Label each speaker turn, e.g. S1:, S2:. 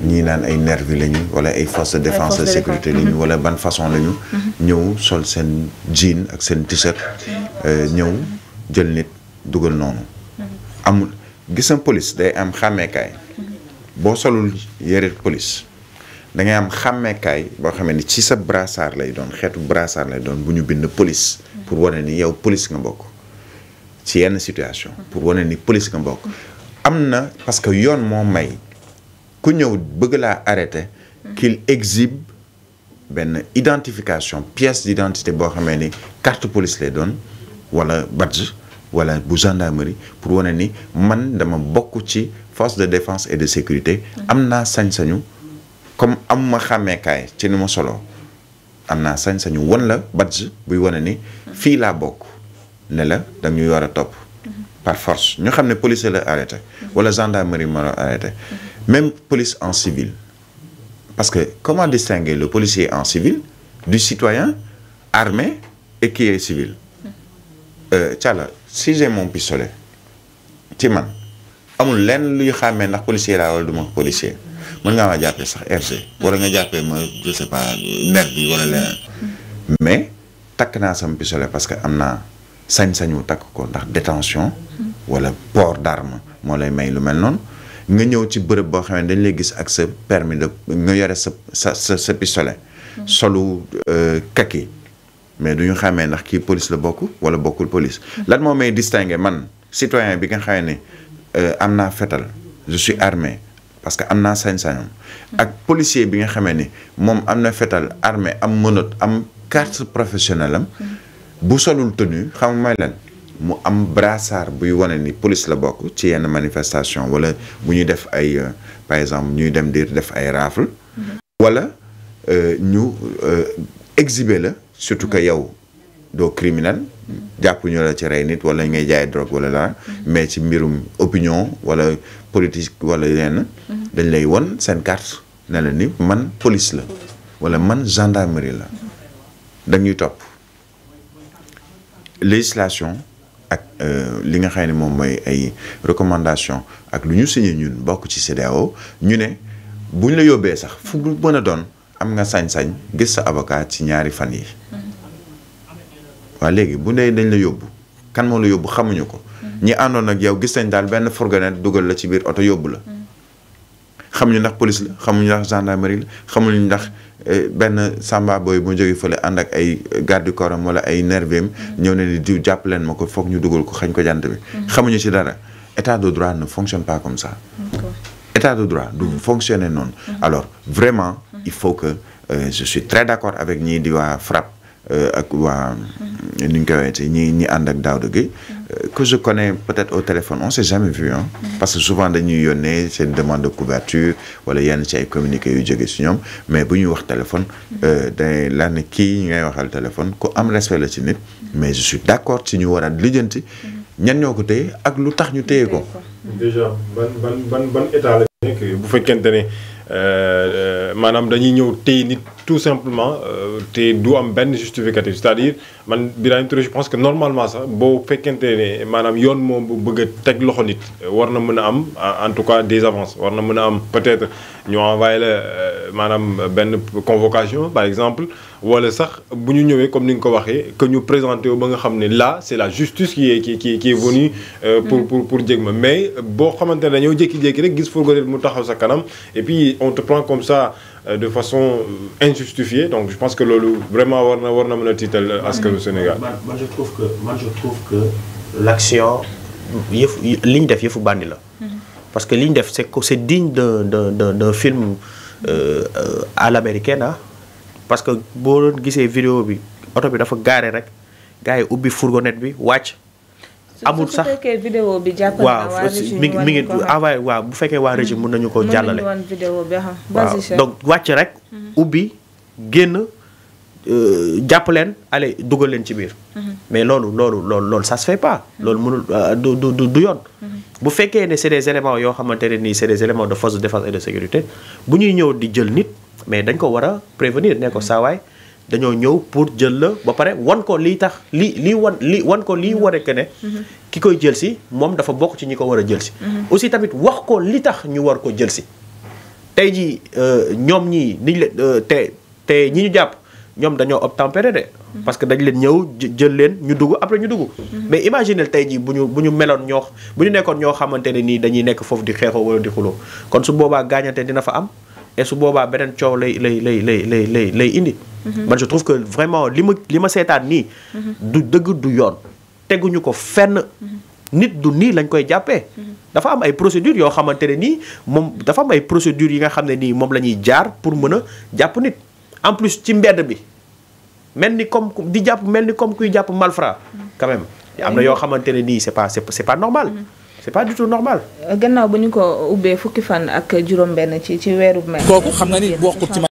S1: ñii naan ay nervi lañu wala ay force de défense sécurité lañu mhm. wala ban façon lañu. Mhm. ñëw sol seen jean ak seen t-shirt euh, ñëw jël nit dugal noonu. Mhm. amul gisam police day am xàmmeekaay boo solul yëre police da ngay am xàmmeekaay boo xamee ni ci sa brassard lay doon xeetu brassard lay doon bu ñu bind police pour wane ni yow police nga bokk ci yenn situation. pour wane ni police nga bokk am na parce que yoon moo may. ku ñëw bëgg laa arrêté qu'il exhibe benn identification pièce d'identité boo xamee ni carte police lay doon wala badge wala bu gendarmerie pour wane ni man dama bokk ci force de défense et de sécurité mm-hmm. am naa sañ-sañu comme am ma xàmmeekaay ci nu ma solo am naa sañ-sañu won la badge buy wane ni mm-hmm. fii laa bokk ne la da ñuy war a topp mm-hmm. par force ñu xam ne police la arrêté wala gendarmerie ma la arrêté même police en civil parce que comment distinguer le policier en civil du citoyen armé et qui est civil euh, Thiala si j'ai mon pistolet ci man amul lenn luy xàmmee ndax policier laa wala du ma policier mën ngaa ma jàppee sax RG wala nga jàppee ma je sais pas ner bi wala leneen mais takk naa sama pistolet parce que am naa sañ-sañu takk ko ndax détention wala port d'arme moo lay may lu mel noonu nga ñëw ci bërëb boo xam ne dañ lay gis ak sa permis de nga yore sa sa sa sa pistolet. Hmm. solu euh, kaki mais du ñu xamee ndax kii police la bokk wala bokkul police. Hmm. lan moo may distinguer man citoyen bi nga xam ne euh, am naa fetal je suis parce que am naa sañ-sañam. Hmm. ak policier bi nga xamee ni moom am na fetal armé am mënat am carte professionnelle am. bu solul tenue xam nga mu am brassard buy wane ni police la bokk ci yenn manifestation wala bu ñuy def ay euh, par exemple ñuy dem di def ay rafle mm-hmm. wala euh, ñu euh, exhiber la surtout que mm-hmm. yow doo criminel jàpp ñu la ci rey nit wala ngay jaay drogue wala dara mm-hmm. mais ci mbirum opinion wala politique wala yenn dañ lay won seen carte ne la ni man police la wala man gendarmerie la dañuy topp législation ak euh, li nga xam ne moom mooy ay recommandation ak lu ñu signé ñun bokk ci CEDEAO ñu ne bu buñ la yóbbee sax fu mu mën a doon am nga sañ-sañ gis sa avocat ci ñaari fan yi mm-hmm. waa léegi bu dee dañ la yóbbu kan moo la yóbbu xamuñu ko mm-hmm. ñi àndoon ak yow gis nañ daal benn fourgonnette dugal la ci biir oto yóbbu la mm-hmm. xamuñu ndax police la xamuñu ndax gendarmerie la xamuñu ndax eh, benn samba booy mu jógee fële ànd ak ay garde du wala ay nervem mm-hmm. ñëw ne ni diw jàpp leen ma ko foog ñu dugal ko xañ ko jant bi. Mm-hmm. xamuñu ci dara état de droit ne fonctionne pas comme ça. état de droit du mm-hmm. fonctionner noonu. alors vraiment il faut que euh, je suis très d'accord avec ñii di waa FRAPP. Euh, ak waa mhm. ñu koy waxee ñi ñi ànd ak Daouda Gueye euh, que je connais peut-être au téléphone on s'est jamais vu mhm. parce que souvent dañuy yónnee seen demande de couverture wala yenn ci ay communiqué yu jóge si ñoom mais bu ñuy wax téléphone dañ la ne kii ñu ngay waxal téléphone ku am respect la ci nit mhm. mais je suis d'accord ci ñu war a lijjanti ñan ñoo ko téye ak lu tax ñu téye ko. bu fekkente ne
S2: euh, euh, maanaam dañuy ñëw téye nit tout simplement euh, te du am benn justificatif c'est-à-dire man Birahim Touré je pense que normalement sax boo fekkente ne maanaam yoon moom bu bëgg teg loxo nit war na mën a am en tout cas des avances war na mën a am peut-être ñu envoyé maanaam benn convocation par exemple wala sax bu ñu ñëwee comme ni nga ko waxee que ñu présenté wu ba nga xam ne là c'est la justice qui est qui qui qui est venue euh, mm-hmm. pour pour pour Diegma mais boo xamante ne dañoo jékki-jékki rek gis fourgonnette mu taxaw sa kanam et puis on te comme ça euh, de façon euh, injustifiée donc je pense que loolu vraiment war na war na mën a tiital askanu mm-hmm. Sénégal. man je trouve que man je trouve que li ñu def yëfu bandi la. Mm-hmm. parce que li ñu def c'est que c'est digne d'un d'un d'un film. Euh, à l'américaine ah. parce que boo doon gisee vidéo bi oto bi dafa gaare rek gars yi ubbi fourgonnette bi wàcc.
S1: amul sax su fekkee vidéo waa mi ngi mi ngi
S2: waaw bu fekkee waa régime mun nañu ko jàllale.
S1: Ah. waaw donc
S2: wàcc rek. Mhm. ubbi génn. Euh, jàpp leen allez dugal leen ci biir. Mhm. mais loolu loolu loolu loolu ça se fait pas. Mhm. loolu mënul euh, du yoon. Mhm. bu fekkee ne c'est des éléments yoo xamante ne nii c'est des éléments de force de défense et de sécurité bu ñuy ñëw di jël nit mais dañ ko war a prévenir ne ko saawaay dañoo ñëw pour jël la ba pare wan ko li tax li li wan li wan ko li waree que ne. ki koy jël si moom dafa bokk ci ñi ko war a jël si. aussi tamit wax ko li tax ñu war ko jël si. tey jii euh, ñoom ñii niñ la te te ñi ñu jàpp. ñoom dañoo obtempéré de. parce que dañ leen ñëw jël leen ñu dugg après ñu dugg. mais imaginel tey jii bu ñu bu ñu meloon ñoo bu ñu nekkoon ñoo xamante ne nii dañuy nekk foofu di xeexoo wala di xuloo kon su boobaa gaañante dina fa am et su boobaa beneen coow lay lay lay lay lay lay lay indi. Mhm. man je trouve que vraiment li ma li ma seetaan nii. Mhm. du dëgg du yoon teguñu ko fenn. Mhm. nit du nii lañ koy jàppee. dafa am ay procédures yoo xamante ne nii moom dafa am ay procédures yi nga xam ne nii moom la ñuy jaar pour mën a jàpp nit. en plus ci mbedd bi mel ni comme di jàpp mel ni comme kuy jàpp malfrat quand même am na yoo xamante ne nii c'est pas c'est pas normal
S1: c'est pas du tout normal. gannaaw ba ñu ko ubbee fukki fan ak juróom-benn ci ci weeru mai. kooku xam nga ni bokkul ci